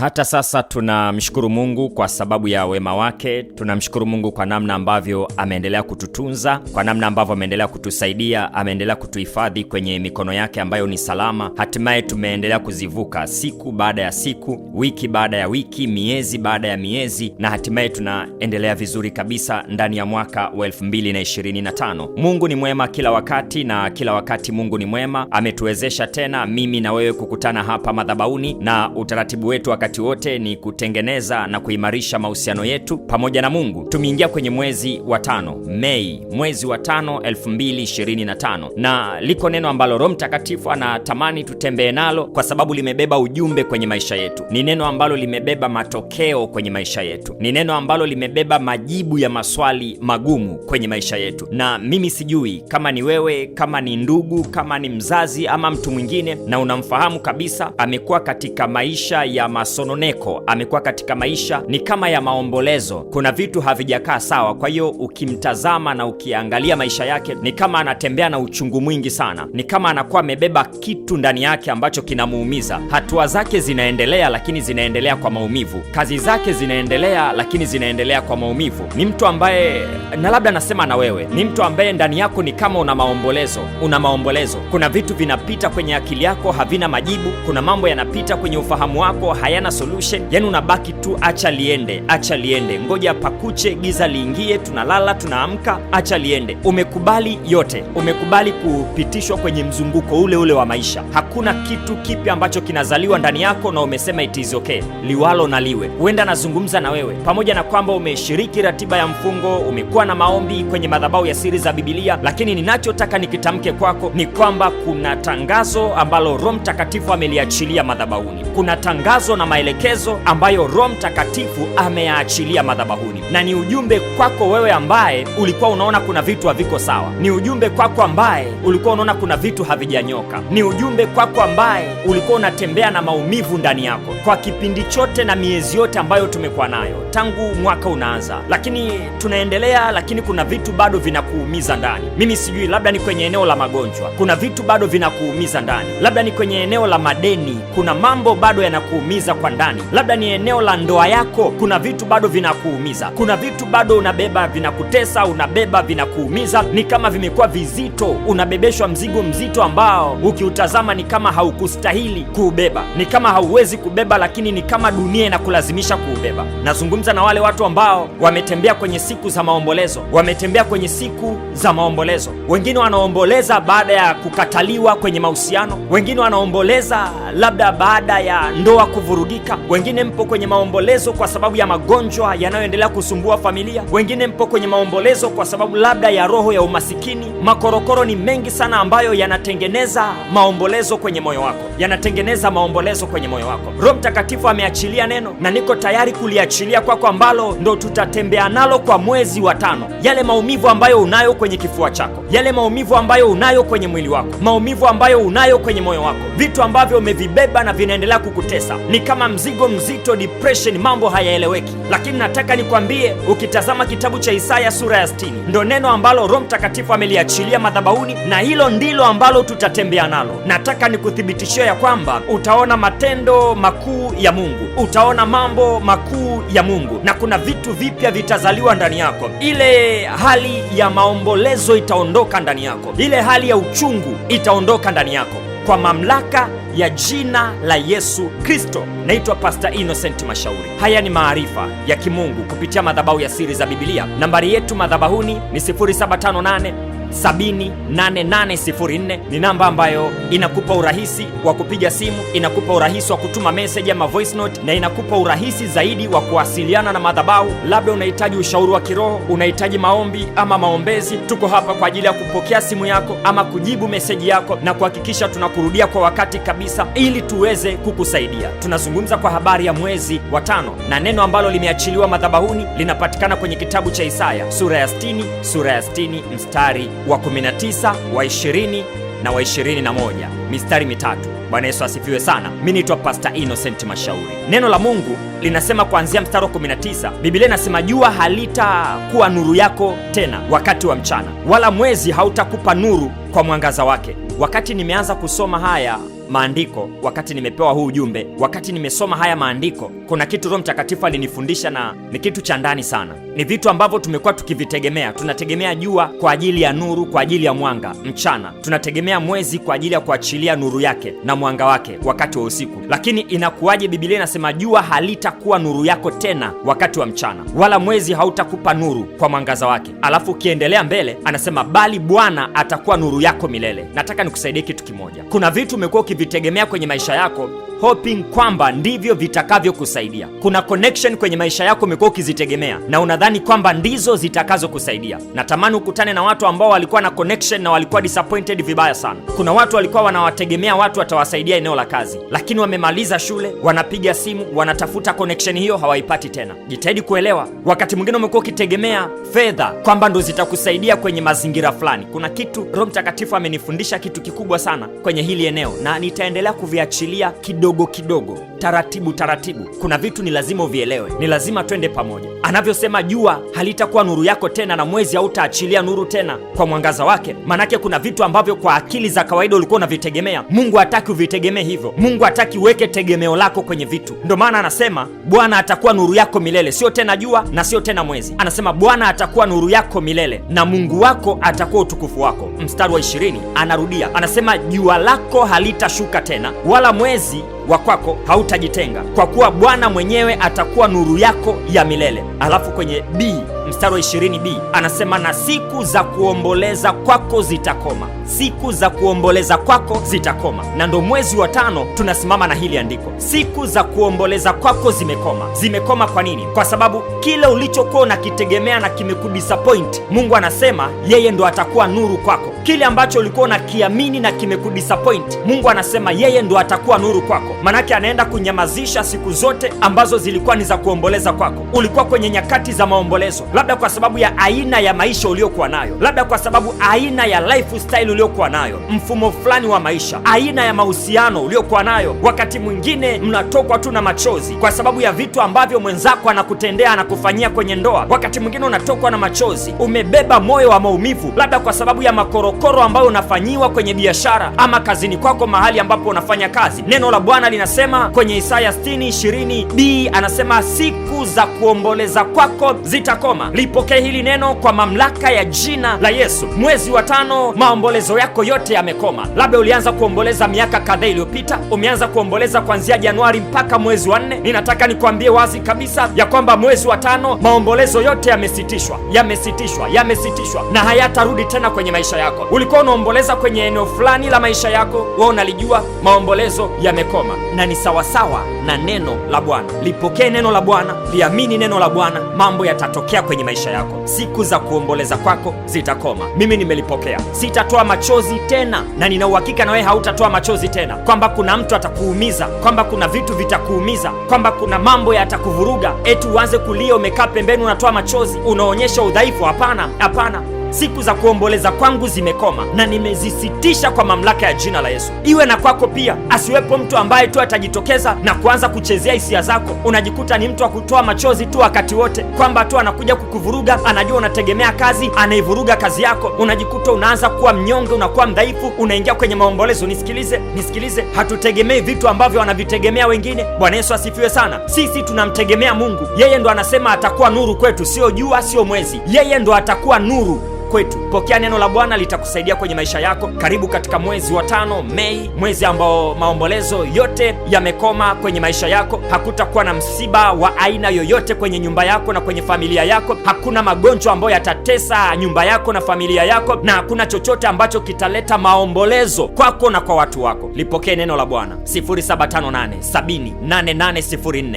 Hata sasa tunamshukuru Mungu kwa sababu ya wema wake, tunamshukuru Mungu kwa namna ambavyo ameendelea kututunza, kwa namna ambavyo ameendelea kutusaidia, ameendelea kutuhifadhi kwenye mikono yake ambayo ni salama. Hatimaye tumeendelea kuzivuka siku baada ya siku, wiki baada ya wiki, miezi baada ya miezi, na hatimaye tunaendelea vizuri kabisa ndani ya mwaka wa 225 Mungu ni mwema kila wakati na kila wakati Mungu ni mwema. Ametuwezesha tena mimi na wewe kukutana hapa madhabauni na utaratibu wetu wakati wakati wote ni kutengeneza na kuimarisha mahusiano yetu pamoja na Mungu. Tumeingia kwenye mwezi wa tano, Mei, mwezi wa tano 2025 na liko neno ambalo Roho Mtakatifu anatamani tutembee nalo kwa sababu limebeba ujumbe kwenye maisha yetu. Ni neno ambalo limebeba matokeo kwenye maisha yetu. Ni neno ambalo limebeba majibu ya maswali magumu kwenye maisha yetu. Na mimi sijui kama ni wewe, kama ni ndugu, kama ni mzazi ama mtu mwingine, na unamfahamu kabisa amekuwa katika maisha ya masomo masononeko amekuwa katika maisha ni kama ya maombolezo. Kuna vitu havijakaa sawa, kwa hiyo ukimtazama na ukiangalia maisha yake ni kama anatembea na uchungu mwingi sana, ni kama anakuwa amebeba kitu ndani yake ambacho kinamuumiza. Hatua zake zinaendelea, lakini zinaendelea kwa maumivu. Kazi zake zinaendelea, lakini zinaendelea kwa maumivu. Ni mtu ambaye na labda nasema na wewe ni mtu ambaye ndani yako ni kama una maombolezo, una maombolezo. Kuna vitu vinapita kwenye akili yako havina majibu, kuna mambo yanapita kwenye ufahamu wako hayana hakuna solution, yani unabaki tu acha liende, acha liende, ngoja pakuche, giza liingie, tunalala tunaamka, acha liende. Umekubali yote, umekubali kupitishwa kwenye mzunguko ule ule wa maisha. Hakuna kitu kipya ambacho kinazaliwa ndani yako, na umesema it is okay, liwalo na liwe. Huenda nazungumza na wewe pamoja na kwamba umeshiriki ratiba ya mfungo, umekuwa na maombi kwenye madhabahu ya siri za Biblia, lakini ninachotaka nikitamke kwako ni kwamba kuna tangazo ambalo Roho Mtakatifu ameliachilia madhabahuni, kuna tangazo na maelekezo ambayo Roho Mtakatifu ameyaachilia madhabahuni, na ni ujumbe kwako wewe ambaye ulikuwa unaona kuna vitu haviko sawa. Ni ujumbe kwako ambaye ulikuwa unaona kuna vitu havijanyoka. Ni ujumbe kwako ambaye ulikuwa unatembea na maumivu ndani yako kwa kipindi chote na miezi yote ambayo tumekuwa nayo tangu mwaka unaanza, lakini tunaendelea, lakini kuna vitu bado vinakuumiza ndani. Mimi sijui, labda ni kwenye eneo la magonjwa, kuna vitu bado vinakuumiza ndani, labda ni kwenye eneo la madeni, kuna mambo bado yanakuumiza kwa ndani, labda ni eneo la ndoa yako, kuna vitu bado vinakuumiza, kuna vitu bado unabeba vinakutesa, unabeba vinakuumiza, ni kama vimekuwa vizito, unabebeshwa mzigo mzito ambao ukiutazama ni kama haukustahili kuubeba, ni kama hauwezi kubeba, lakini ni kama dunia inakulazimisha kuubeba. Nazungumza na wale watu ambao wametembea kwenye siku za maombolezo, wametembea kwenye siku za maombolezo. Wengine wanaomboleza baada ya kukataliwa kwenye mahusiano, wengine wanaomboleza labda baada ya ndoa kuvurugika kuvurugika, wengine mpo kwenye maombolezo kwa sababu ya magonjwa yanayoendelea kusumbua familia, wengine mpo kwenye maombolezo kwa sababu labda ya roho ya umasikini. Makorokoro ni mengi sana ambayo yanatengeneza maombolezo kwenye moyo wako, yanatengeneza maombolezo kwenye moyo wako. Roho Mtakatifu ameachilia neno na niko tayari kuliachilia kwako, ambalo ndo tutatembea nalo kwa mwezi wa tano. Yale maumivu ambayo unayo kwenye kifua chako, yale maumivu ambayo unayo kwenye mwili wako, maumivu ambayo unayo kwenye moyo wako, vitu ambavyo umevibeba na vinaendelea kukutesa ni kama kama mzigo mzito, depression, mambo hayaeleweki. Lakini nataka nikwambie, ukitazama kitabu cha Isaya sura ya 60 ndo neno ambalo Roho Mtakatifu ameliachilia madhabahuni, na hilo ndilo ambalo tutatembea nalo. Nataka nikuthibitishia ya kwamba utaona matendo makuu ya Mungu, utaona mambo makuu ya Mungu, na kuna vitu vipya vitazaliwa ndani yako. Ile hali ya maombolezo itaondoka ndani yako, ile hali ya uchungu itaondoka ndani yako kwa mamlaka ya jina la Yesu Kristo. Naitwa Pastor Innocent Mashauri. Haya ni maarifa ya kimungu kupitia madhabahu ya siri za Biblia. Nambari yetu madhabahuni ni 0758 788804 ni namba ambayo inakupa urahisi wa kupiga simu, inakupa urahisi wa kutuma message ama voice note, na inakupa urahisi zaidi wa kuwasiliana na madhabahu. Labda unahitaji ushauri wa kiroho, unahitaji maombi ama maombezi, tuko hapa kwa ajili ya kupokea simu yako ama kujibu meseji yako na kuhakikisha tunakurudia kwa wakati kabisa, ili tuweze kukusaidia. Tunazungumza kwa habari ya mwezi wa tano, na neno ambalo limeachiliwa madhabahuni linapatikana kwenye kitabu cha Isaya sura ya 60 sura ya 60 mstari wa 19, wa 20 na wa 21, mistari mitatu. Bwana Yesu asifiwe sana. Mimi naitwa Pastor Innocent Mashauri. Neno la Mungu linasema kuanzia mstari wa 19, Biblia inasema jua halitakuwa nuru yako tena wakati wa mchana, wala mwezi hautakupa nuru kwa mwangaza wake. Wakati nimeanza kusoma haya maandiko wakati nimepewa huu ujumbe, wakati nimesoma haya maandiko, kuna kitu Roho Mtakatifu alinifundisha na ni kitu cha ndani sana. Ni vitu ambavyo tumekuwa tukivitegemea. Tunategemea jua kwa ajili ya nuru, kwa ajili ya mwanga mchana. Tunategemea mwezi kwa ajili ya kuachilia nuru yake na mwanga wake wakati wa usiku. Lakini inakuwaje? Biblia inasema jua halitakuwa nuru yako tena wakati wa mchana, wala mwezi hautakupa nuru kwa mwangaza wake. Alafu ukiendelea mbele, anasema bali Bwana atakuwa nuru yako milele. Nataka nikusaidie kitu kimoja, kuna vitu umekuwa kuvitegemea kwenye maisha yako hoping kwamba ndivyo vitakavyokusaidia. Kuna connection kwenye maisha yako umekuwa ukizitegemea na unadhani kwamba ndizo zitakazokusaidia. Natamani ukutane na watu ambao walikuwa na connection na walikuwa disappointed vibaya sana. Kuna watu walikuwa wanawategemea watu watawasaidia eneo la kazi, lakini wamemaliza shule, wanapiga simu, wanatafuta connection hiyo, hawaipati tena. Jitahidi kuelewa, wakati mwingine umekuwa ukitegemea fedha kwamba ndo zitakusaidia kwenye mazingira fulani. Kuna kitu Roho Mtakatifu amenifundisha kitu kikubwa sana kwenye hili eneo, na nitaendelea kuviachilia kidogo kidogo kidogo, taratibu taratibu. Kuna vitu ni lazima uvielewe, ni lazima twende pamoja anavyosema jua halitakuwa nuru yako tena na mwezi hautaachilia nuru tena kwa mwangaza wake. Manake kuna vitu ambavyo kwa akili za kawaida ulikuwa unavitegemea. Mungu hataki uvitegemee hivyo. Mungu hataki uweke tegemeo lako kwenye vitu. Ndio maana anasema Bwana atakuwa nuru yako milele, sio tena jua na sio tena mwezi. Anasema Bwana atakuwa nuru yako milele na Mungu wako atakuwa utukufu wako. Mstari wa ishirini anarudia anasema, jua lako halitashuka tena wala mwezi wa kwako hautajitenga, kwa kuwa Bwana mwenyewe atakuwa nuru yako ya milele alafu kwenye b mstari wa 20b anasema na siku za kuomboleza kwako zitakoma, siku za kuomboleza kwako zitakoma. Na ndo mwezi wa tano tunasimama na hili andiko, siku za kuomboleza kwako zimekoma. Zimekoma kwa nini? Kwa sababu kile ulichokuwa unakitegemea na kimekudisappoint, Mungu anasema yeye ndo atakuwa nuru kwako. Kile ambacho ulikuwa unakiamini na kimekudisappoint, Mungu anasema yeye ndo atakuwa nuru kwako. Manake anaenda kunyamazisha siku zote ambazo zilikuwa ni za kuomboleza kwako. Ulikuwa kwenye nyakati za maombolezo, labda kwa sababu ya aina ya maisha uliokuwa nayo, labda kwa sababu aina ya lifestyle uliokuwa nayo, mfumo fulani wa maisha, aina ya mahusiano uliokuwa nayo. Wakati mwingine mnatokwa tu na machozi kwa sababu ya vitu ambavyo mwenzako anakutendea na kufanyia kwenye ndoa. Wakati mwingine unatokwa na machozi, umebeba moyo wa maumivu, labda kwa sababu ya makorokoro ambayo unafanyiwa kwenye biashara ama kazini kwako, mahali ambapo unafanya kazi. Neno la Bwana linasema kwenye Isaya 60:20b anasema, siku za kuomboleza kwako zitakoma. Lipokee hili neno kwa mamlaka ya jina la Yesu. Mwezi wa tano, maombolezo yako yote yamekoma. Labda ulianza kuomboleza miaka kadhaa iliyopita, umeanza kuomboleza kuanzia Januari mpaka mwezi wa nne. Ninataka nikuambie wazi kabisa ya kwamba mwezi wa tano, maombolezo yote yamesitishwa, yamesitishwa, yamesitishwa na hayatarudi tena kwenye maisha yako. Ulikuwa unaomboleza kwenye eneo fulani la maisha yako, wewe unalijua, maombolezo yamekoma, na ni sawasawa na neno la Bwana. Lipokee neno la Bwana, liamini neno la Bwana, mambo yatatokea kwenye maisha yako. Siku za kuomboleza kwako zitakoma. Mimi nimelipokea, sitatoa machozi tena, na nina uhakika na wewe hautatoa machozi tena, kwamba kuna mtu atakuumiza, kwamba kuna vitu vitakuumiza, kwamba kuna mambo yatakuvuruga, eti uanze kulia umekaa pembeni, unatoa machozi, unaonyesha udhaifu. Hapana, hapana. Siku za kuomboleza kwangu zimekoma na nimezisitisha kwa mamlaka ya jina la Yesu. Iwe na kwako pia, asiwepo mtu ambaye tu atajitokeza na kuanza kuchezea hisia zako. Unajikuta ni mtu wa kutoa machozi tu wakati wote, kwamba tu anakuja kukuvuruga, anajua unategemea kazi, anaivuruga kazi yako. Unajikuta unaanza kuwa mnyonge, unakuwa mdhaifu, unaingia kwenye maombolezo. Nisikilize, nisikilize, hatutegemei vitu ambavyo wanavitegemea wengine. Bwana Yesu asifiwe sana. Sisi tunamtegemea Mungu, yeye ndo anasema atakuwa nuru kwetu, sio jua, sio mwezi, yeye ndo atakuwa nuru kwetu. Pokea neno la Bwana litakusaidia kwenye maisha yako. Karibu katika mwezi wa tano Mei, mwezi ambao maombolezo yote yamekoma kwenye maisha yako. Hakutakuwa na msiba wa aina yoyote kwenye nyumba yako na kwenye familia yako. Hakuna magonjwa ambayo yatatesa nyumba yako na familia yako, na hakuna chochote ambacho kitaleta maombolezo kwako na kwa watu wako. Lipokee neno la Bwana. 0758 mi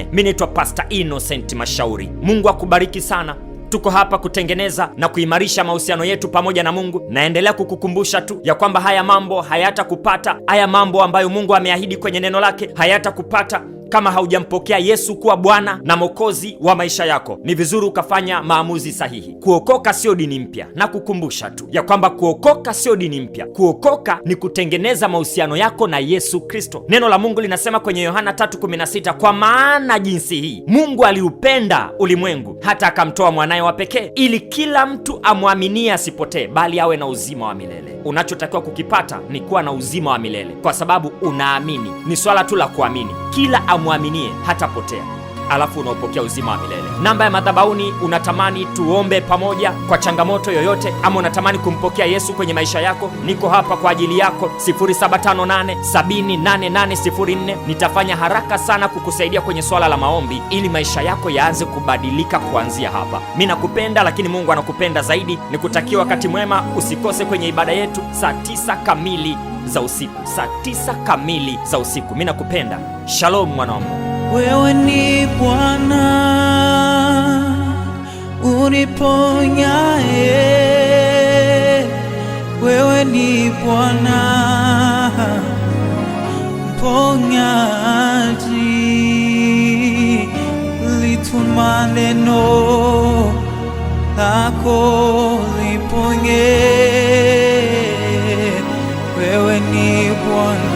Mimi naitwa Pastor Innocent Mashauri. Mungu akubariki sana. Tuko hapa kutengeneza na kuimarisha mahusiano yetu pamoja na Mungu. Naendelea kukukumbusha tu ya kwamba haya mambo hayatakupata, haya mambo ambayo Mungu ameahidi kwenye neno lake hayatakupata kama haujampokea Yesu kuwa Bwana na Mwokozi wa maisha yako, ni vizuri ukafanya maamuzi sahihi. Kuokoka sio dini mpya, na kukumbusha tu ya kwamba kuokoka sio dini mpya. Kuokoka ni kutengeneza mahusiano yako na Yesu Kristo. Neno la Mungu linasema kwenye Yohana 3:16, kwa maana jinsi hii Mungu aliupenda ulimwengu hata akamtoa mwanaye wa pekee, ili kila mtu amwaminie asipotee, bali awe na uzima wa milele. Unachotakiwa kukipata ni kuwa na uzima wa milele, kwa sababu unaamini. Ni swala tu la kuamini kila amwaminie hatapotea alafu unaopokea uzima wa milele. Namba ya madhabauni unatamani tuombe pamoja kwa changamoto yoyote, ama unatamani kumpokea Yesu kwenye maisha yako, niko hapa kwa ajili yako. 0758708804 nitafanya haraka sana kukusaidia kwenye swala la maombi, ili maisha yako yaanze kubadilika kuanzia hapa. Mi nakupenda, lakini Mungu anakupenda zaidi. Nikutakia wakati mwema, usikose kwenye ibada yetu saa tisa kamili za usiku, saa tisa kamili za usiku. Mi nakupenda. Shalom mwana wa Mungu wewe ni Bwana uniponyae, wewe ni Bwana mponyaji. Lituma neno lako liponye, wewe ni Bwana